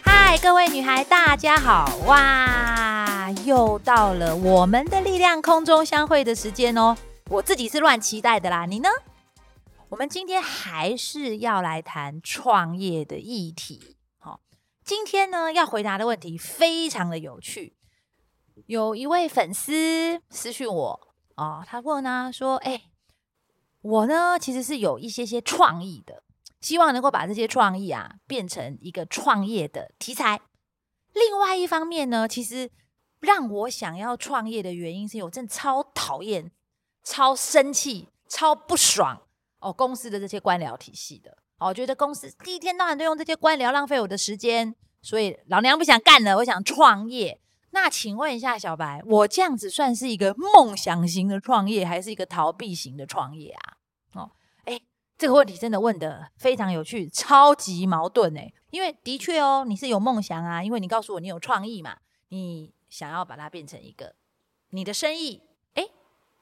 嗨，各位女孩，大家好。哇，又到了我們的力量空中相會的時間哦。我自己是亂期待的啦，你呢？我們今天還是要來談創業的議題。好，今天呢要回答的問題非常的有趣，有一位粉絲私訊我。哦，他問啊，說：“哎、欸，我呢其實是有一些些創意的，希望能夠把這些創意啊變成一個創業的題材。另外一方面呢，其實讓我想要創業的原因是有，我真的超討厭、超生氣、超不爽哦，公司的這些官僚體系的。哦，我覺得公司一天到晚都用這些官僚浪費我的時間，所以老娘不想幹了，我想創業。”那請問一下小白，我這樣子算是一個夢想型的創業，還是一個逃避型的創業啊？哦，誒，這個問題真的問得非常有趣，超級矛盾誒，因為的確哦，你是有夢想啊，因為你告訴我你有創意嘛，你想要把它變成一個你的生意，誒，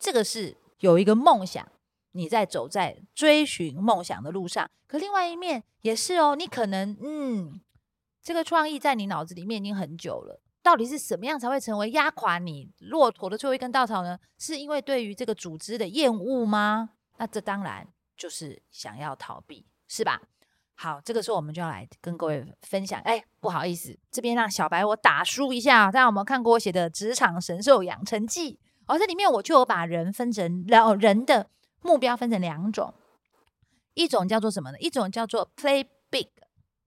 這個是有一個夢想，你在走在追尋夢想的路上。可另外一面也是哦，你可能嗯，這個創意在你腦子裡面已經很久了。到底是什麼樣才會成為壓垮你駱駝的最後一根稻草呢？是因為對於這個組織的厭惡嗎？那這當然就是想要逃避，是吧？好，這個時候我們就要來跟各位分享。哎，不好意思，這邊讓小白我打書一下，在我們看過我寫的《職場神獸養成記》。哦，這裡面我就有把人分成，了、哦、人的目標分成兩種，一種叫做什麼呢？一種叫做 Play Big，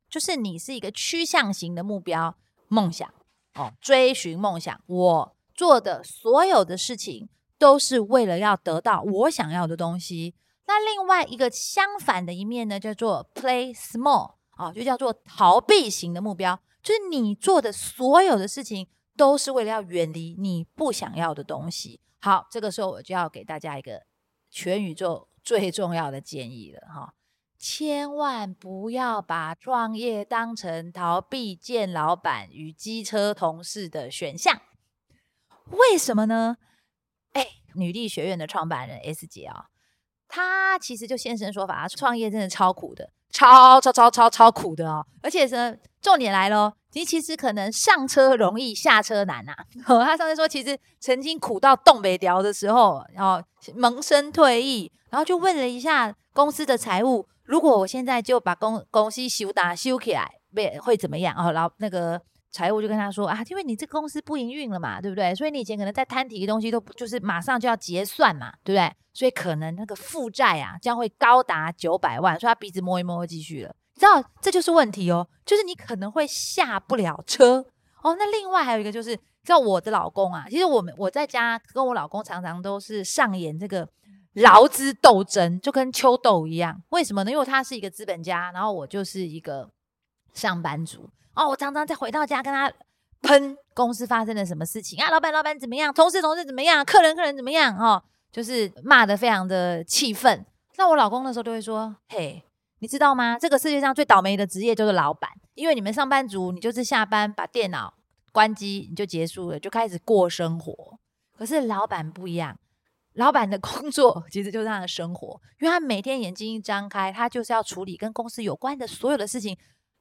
就是你是一個趨向型的目標夢想。哦，追尋夢想，我做的所有的事情都是為了要得到我想要的東西。那另外一個相反的一面呢，叫做 play small，啊、哦，就叫做逃避型的目標，就是你做的所有的事情都是為了要遠離你不想要的東西。好，這個時候我就要給大家一個全宇宙最重要的建議了，哈、哦。千萬不要把創業當成逃避見老闆與機車同事的選項。為什麼呢？哎、欸，女力學院的創辦人 S 姐啊、哦，她其實就現身說法，創業真的超苦的，超超超超超苦的哦。而且是重點來咯、哦、你其實可能上車容易下車難吶、啊。她上次說，其實曾經苦到凍未條的時候，然後萌生退意，然後就問了一下公司的財務。如果我現在就把公公司收打收起來，會會怎麼樣哦？然後那個財務就跟他說啊，因為你這個公司不營運了嘛，對不對？所以你以前可能在攤提的東西都就是馬上就要結算嘛，對不對？所以可能那個負債啊將會高達九百萬，所以他鼻子摸一摸，繼續了。知道這就是問題哦，就是你可能會下不了車哦。那另外還有一個就是，知道我的老公啊，其實我們我在家跟我老公常常都是上演這個。勞資鬥爭就跟秋鬥一樣，為什麼呢？因為他是一個資本家，然後我就是一個上班族。哦，我常常在回到家跟他噴公司發生了什麼事情啊，老板，老板怎麼樣？同事，同事怎麼樣？客人，客人怎麼樣？哦，就是罵得非常的氣憤。那我老公那時候就會說：“嘿，你知道嗎？這個世界上最倒霉的職業就是老板，因為你們上班族，你就是下班把電腦關機你就結束了，就開始過生活。可是老板不一樣。”老闆的工作其實就是他的生活，因為他每天眼睛一張開，他就是要處理跟公司有關的所有的事情，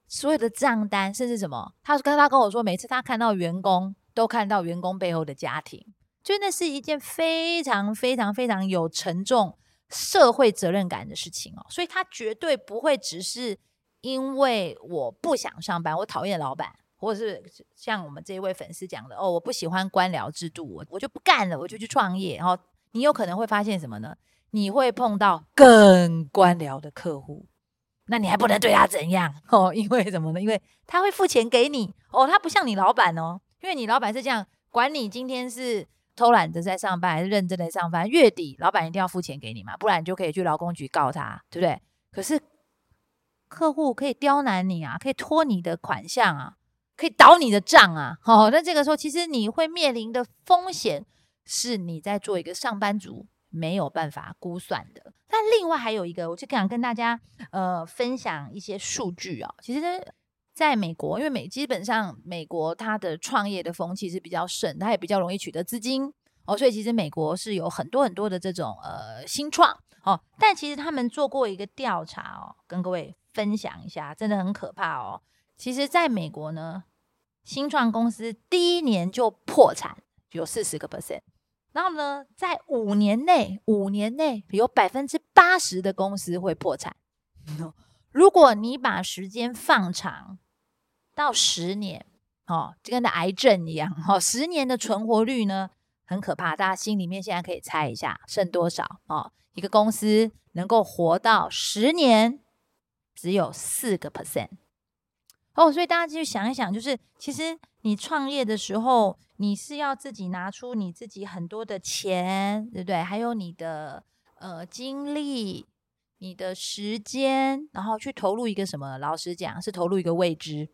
所有的賬單，甚至什麼？他跟他跟我說，每次他看到員工，都看到員工背後的家庭，就那是一件非常非常非常有沉重社會責任感的事情哦。所以他絕對不會只是因為我不想上班，我討厭老闆，或者是像我們這一位粉絲講的哦，我不喜歡官僚制度，我我就不幹了，我就去創業，然後。你有可能會發現什麼呢？你會碰到更官僚的客戶，那你還不能對他怎樣哦？因為什麼呢？因為他會付錢給你哦，他不像你老闆哦，因為你老闆是這樣管你，今天是偷懶的在上班還是認真的在上班？月底老闆一定要付錢給你嘛，不然你就可以去勞工局告他，對不對？可是客戶可以刁難你啊，可以拖你的款項啊，可以倒你的賬啊。哦，那這個時候其實你會面臨的風險。是你在做一個上班族，沒有辦法估算的。那另外還有一個，我就想跟大家呃分享一些數據哦。其實在美國，因為美基本上美國它的創業的風氣是比較盛，它也比較容易取得資金哦，所以其實美國是有很多很多的這種呃新創哦。但其實他們做過一個調查哦，跟各位分享一下，真的很可怕哦。其實在美國呢，新創公司第一年就破產有四十個 percent。然後呢，在五年內，五年內有百分之八十的公司會破產。如果你把時間放長到十年，哦，就跟那癌症一樣，哦，十年的存活率呢，很可怕。大家心裡面現在可以猜一下，剩多少？哦，一個公司能夠活到十年，只有四個 percent。哦，所以大家繼續想一想，就是其實。你創業的時候，你是要自己拿出你自己很多的錢，對不對？還有你的呃精力、你的時間，然後去投入一個什麼？老實講，是投入一個未知。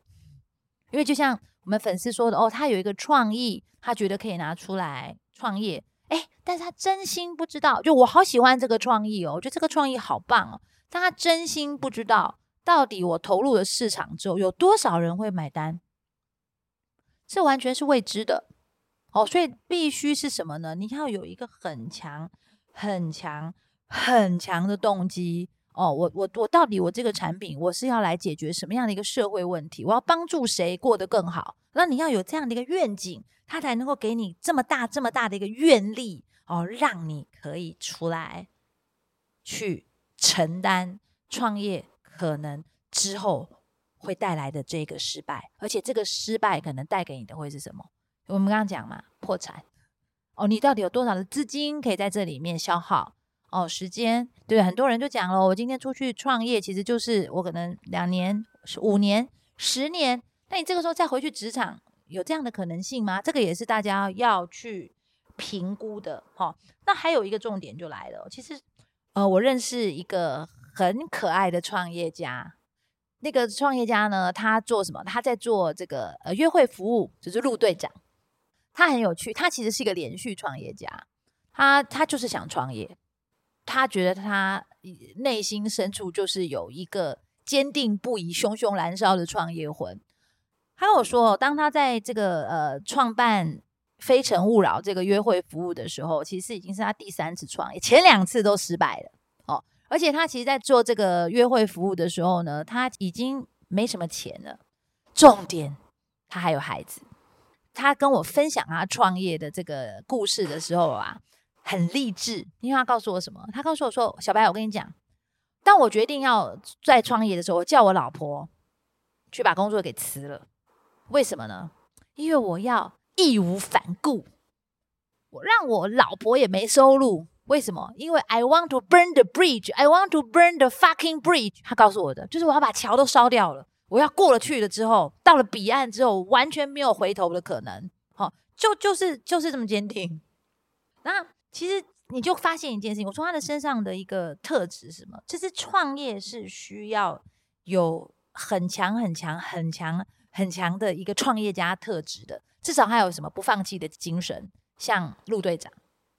因為就像我們粉絲說的，哦，他有一個創意，他覺得可以拿出來創業，哎，但是他真心不知道。就我好喜歡這個創意哦，我覺得這個創意好棒哦，但他真心不知道到底我投入了市場之後，有多少人會買單。這完全是未知的，哦，所以必須是什麼呢？你要有一個很強、很強、很強的動機哦。我我我，我到底我這個產品我是要來解決什麼樣的一個社會問題？我要幫助誰過得更好？那你要有這樣的一個願景，它才能夠給你這麼大、這麼大的一個願力哦，讓你可以出來去承擔創業可能之後。會帶來的這個失敗，而且這個失敗可能帶給你的會是什麼？我們剛剛講嘛，破產。哦，你到底有多少的資金可以在這裡面消耗？哦，時間。對，很多人就講了，我今天出去創業，其實就是我可能兩年、五年、十年，那你這個時候再回去職場，有這樣的可能性嗎？這個也是大家要去評估的。哈、哦，那還有一個重點就來了。其實，呃，我認識一個很可愛的創業家。那個創業家呢？他做什麼？他在做這個呃約會服務，就是陸隊長。他很有趣，他其實是一個連續創業家。他他就是想創業，他覺得他內心深處就是有一個堅定不移、熊熊燃燒的創業魂。他跟我說，當他在這個呃創辦《非誠勿擾》這個約會服務的時候，其實已經是他第三次創業，前兩次都失敗了。而且他其實，在做這個約會服務的時候呢，他已經沒什麼錢了。重點，他還有孩子。他跟我分享他創業的這個故事的時候啊，很勵志。因為他告訴我什麼？他告訴我說：“小白，我跟你講，當我決定要再創業的時候，我叫我老婆去把工作給辭了。為什麼呢？因為我要義無反顧，我讓我老婆也沒收入。”為什麼？因為 I want to burn the bridge, I want to burn the fucking bridge。他告訴我的就是我要把橋都燒掉了，我要過了去了之後，到了彼岸之後，完全沒有回頭的可能。好、哦，就就是就是這麼堅定。那其實你就發現一件事情，我從他的身上的一個特質是什麼，就是創業是需要有很強、很強、很強、很強的一個創業家特質的，至少還有什麼，不放棄的精神，像陸隊長，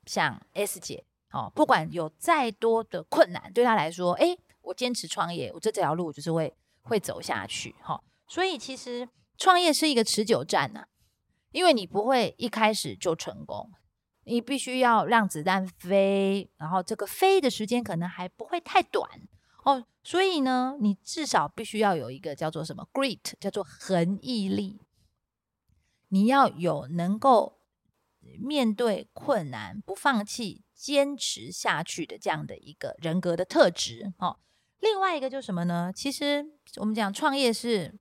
像 S 姐。哦，不管有再多的困難，對他來說，誒，我堅持創業，我這這條路就是會會走下去，哈、哦。所以其實創業是一個持久戰吶、啊，因為你不會一開始就成功，你必須要讓子彈飛，然後這個飛的時間可能還不會太短哦。所以呢，你至少必須要有一個叫做什麼 grit 叫做恆毅力，你要有能夠。面對困難不放棄，堅持下去的這樣的一個人格的特質。哦，另外一個就是什麼呢？其實我們講創業是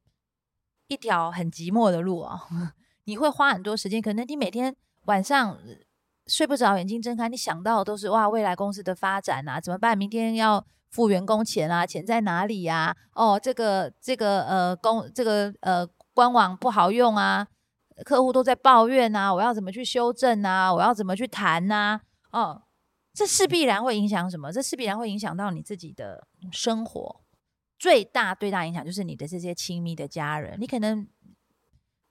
一條很寂寞的路啊、哦， 你會花很多時間，可能你每天晚上睡不着，眼睛睜開，你想到的都是哇，未來公司的發展吶、啊，怎麼辦？明天要付員工錢啊，錢在哪裡呀、啊？哦，這個這個呃工這個呃官網不好用啊。客戶都在抱怨吶、啊，我要怎麼去修正吶、啊？我要怎麼去談吶、啊？哦，這是必然會影響什麼？這是必然會影響到你自己的生活。最大最大影響就是你的這些親密的家人。你可能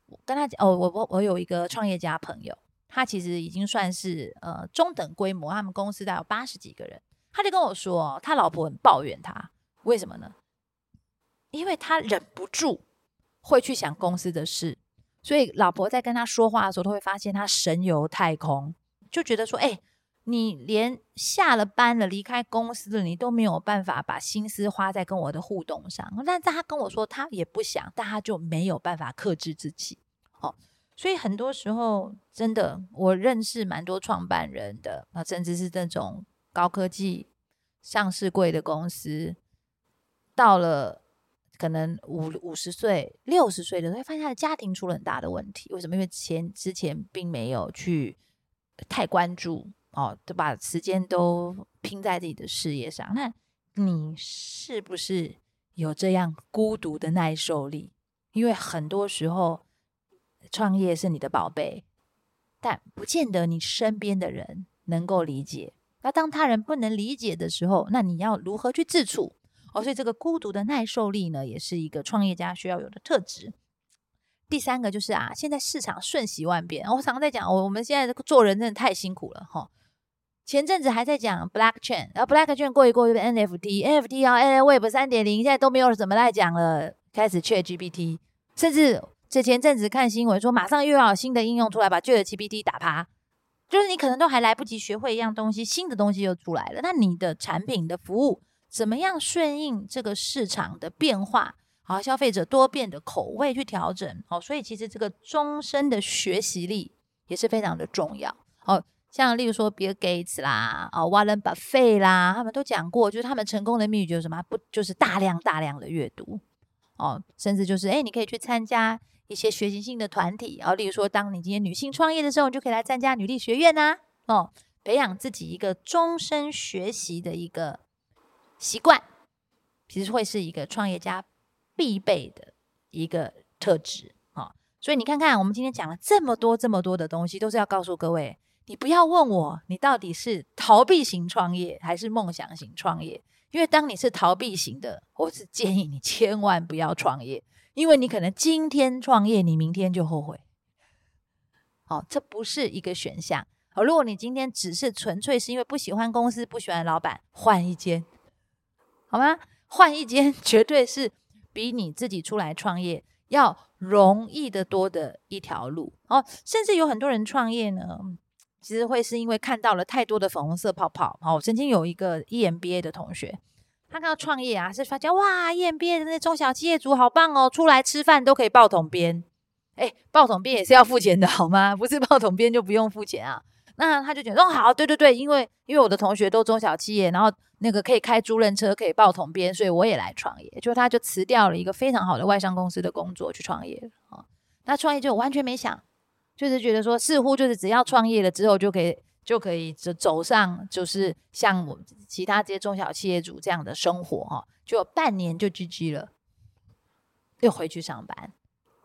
我跟他講哦，我我我有一個創業家朋友，他其實已經算是呃中等規模，他們公司大概有八十幾個人。他就跟我說，他老婆很抱怨他，為什麼呢？因為他忍不住會去想公司的事。所以老婆在跟他說話的時候，都會發現他神遊太空，就覺得說：“哎、欸，你連下了班了，離開公司了，你都沒有辦法把心思花在跟我的互動上。”但是他跟我說，他也不想，但他就沒有辦法克制自己。哦、所以很多時候真的，我認識蠻多創辦人的啊，甚至是這種高科技上市櫃的公司，到了，可能五五十歲、六十歲的人會發現他的家庭出了很大的問題，為什麼？因為前之前並沒有去太關注，哦，都把時間都拼在自己的事業上。那你是不是有這樣孤獨的耐受力？因為很多時候創業是你的寶貝，但不見得你身邊的人能夠理解。那當他人不能理解的時候，那你要如何去自處？哦、所以這個孤獨的耐受力呢，也是一個創業家需要有的特質。第三個就是啊，現在市場瞬息萬變，哦、我常常在講，我、哦、我們現在做人真的太辛苦了吼、哦，前陣子還在講 Blockchain，然後 Blockchain 過一過就 NFT，NFT 要 AI Web 三點零，NFT, NFT 哦、現在都沒有怎麼來講了，開始 Chat GPT，甚至這前陣子看新聞說，馬上又要有新的應用出來，把 Chat GPT 打趴。就是你可能都還來不及學會一樣東西，新的東西又出來了，那你的產品的服務。怎麼樣順應這個市場的變化，好消費者多變的口味去調整，哦，所以其實這個終身的學習力也是非常的重要。哦，像例如說比爾蓋茨啦，哦，沃倫巴菲 t 啦，他們都講過，就是他們成功的秘訣就是什麼，不就是大量大量的閱讀，哦，甚至就是誒、欸，你可以去參加一些學習性的團體，哦，例如說當你今天女性創業的時候，你就可以來參加女力學院吶、啊，哦，培養自己一個終身學習的一個。習慣其實會是一個創業家必備的一個特質啊、哦，所以你看看，我們今天講了這麼多這麼多的東西，都是要告訴各位，你不要問我，你到底是逃避型創業還是夢想型創業？因為當你是逃避型的，我是建議你千萬不要創業，因為你可能今天創業，你明天就後悔。好、哦，這不是一個選項。好、哦，如果你今天只是純粹是因為不喜歡公司、不喜歡老闆，換一間。好嗎？換一間絕對是比你自己出來創業要容易得多的一條路。哦，甚至有很多人創業呢，其實會是因為看到了太多的粉紅色泡泡。哦、我曾經有一個 EMBA 的同學，他看到創業啊，是發覺哇，EMBA 的那中小企業主好棒哦，出來吃飯都可以報統編。哎、欸，報統編也是要付錢的好嗎？不是報統編就不用付錢啊？那他就覺得哦，好，對對對，對，因為因為我的同學都中小企業，然後。那個可以開租賃車，可以報統編，所以我也來創業。就他，就辭掉了一個非常好的外商公司的工作去創業啊。他、哦、創業就完全沒想，就是覺得說，似乎就是只要創業了之後就，就可以就可以走走上，就是像我們其他這些中小企業主這樣的生活哈、哦。就半年就 GG 了，又回去上班。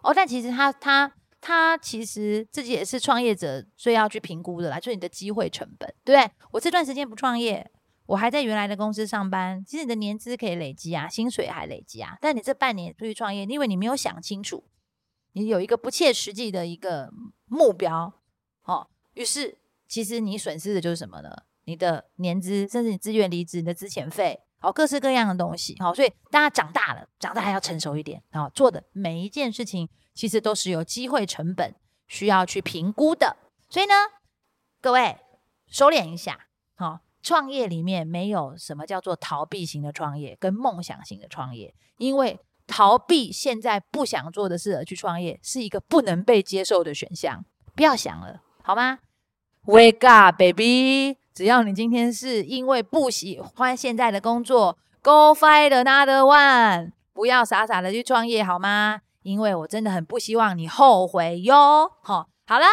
哦，但其實他他他其實自己也是創業者，最要去評估的啦，來、就、自、是、你的機會成本，對不對？我這段時間不創業。我還在原來的公司上班，其實你的年資可以累積啊，薪水還累積啊。但你這半年出去創業，因為你沒有想清楚，你有一個不切實際的一個目標，哦，於是其實你損失的就是什麼呢？你的年資，甚至你自願離職你的資遣費，好、哦，各式各樣的東西，好、哦，所以大家長大了，長大還要成熟一點，好、哦，做的每一件事情其實都是有機會成本，需要去評估的。所以呢，各位收斂一下。創業裡面沒有什麼叫做逃避型的創業跟夢想型的創業，因為逃避現在不想做的事而去創業是一個不能被接受的選項，不要想了，好嗎？Wake up, baby！只要你今天是因為不喜歡現在的工作，Go find another one！不要傻傻的去創業，好嗎？因為我真的很不希望你後悔喲。好，好了，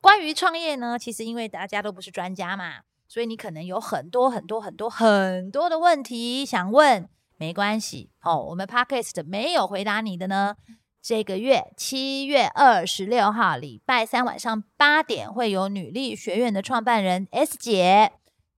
關於創業呢，其實因為大家都不是專家嘛。所以你可能有很多很多很多很多的問題想問，沒關係哦。我們 Podcast 沒有回答你的呢。這個月七月二十六號，禮拜三晚上八點會有女力學院的創辦人 S 姐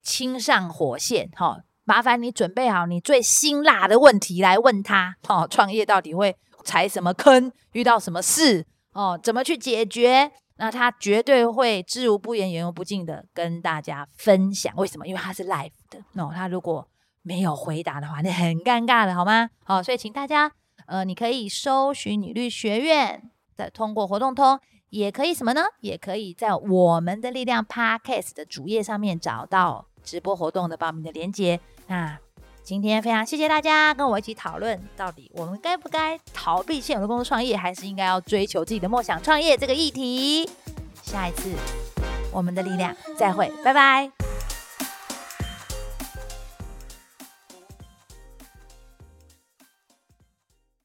親上火線。好，哦，麻煩你準備好你最辛辣的問題來問她。哦，創業到底會踩什麼坑，遇到什麼事哦，怎麼去解決？那他絕對會知無不言、言無不盡的跟大家分享為什麼？因為他是 live 的。那、no, 他如果沒有回答的話，那很尷尬的好嗎？好，所以請大家，呃，你可以搜尋女律學院，再通過活動通，也可以什麼呢？也可以在我們的力量 podcast 的主頁上面找到直播活動的報名的鏈接。那、啊。今天非常謝謝大家跟我一起討論到底我們該不該逃避現有的工作創業，還是應該要追求自己的夢想創業這個議題。下一次，我們的力量再會，拜拜。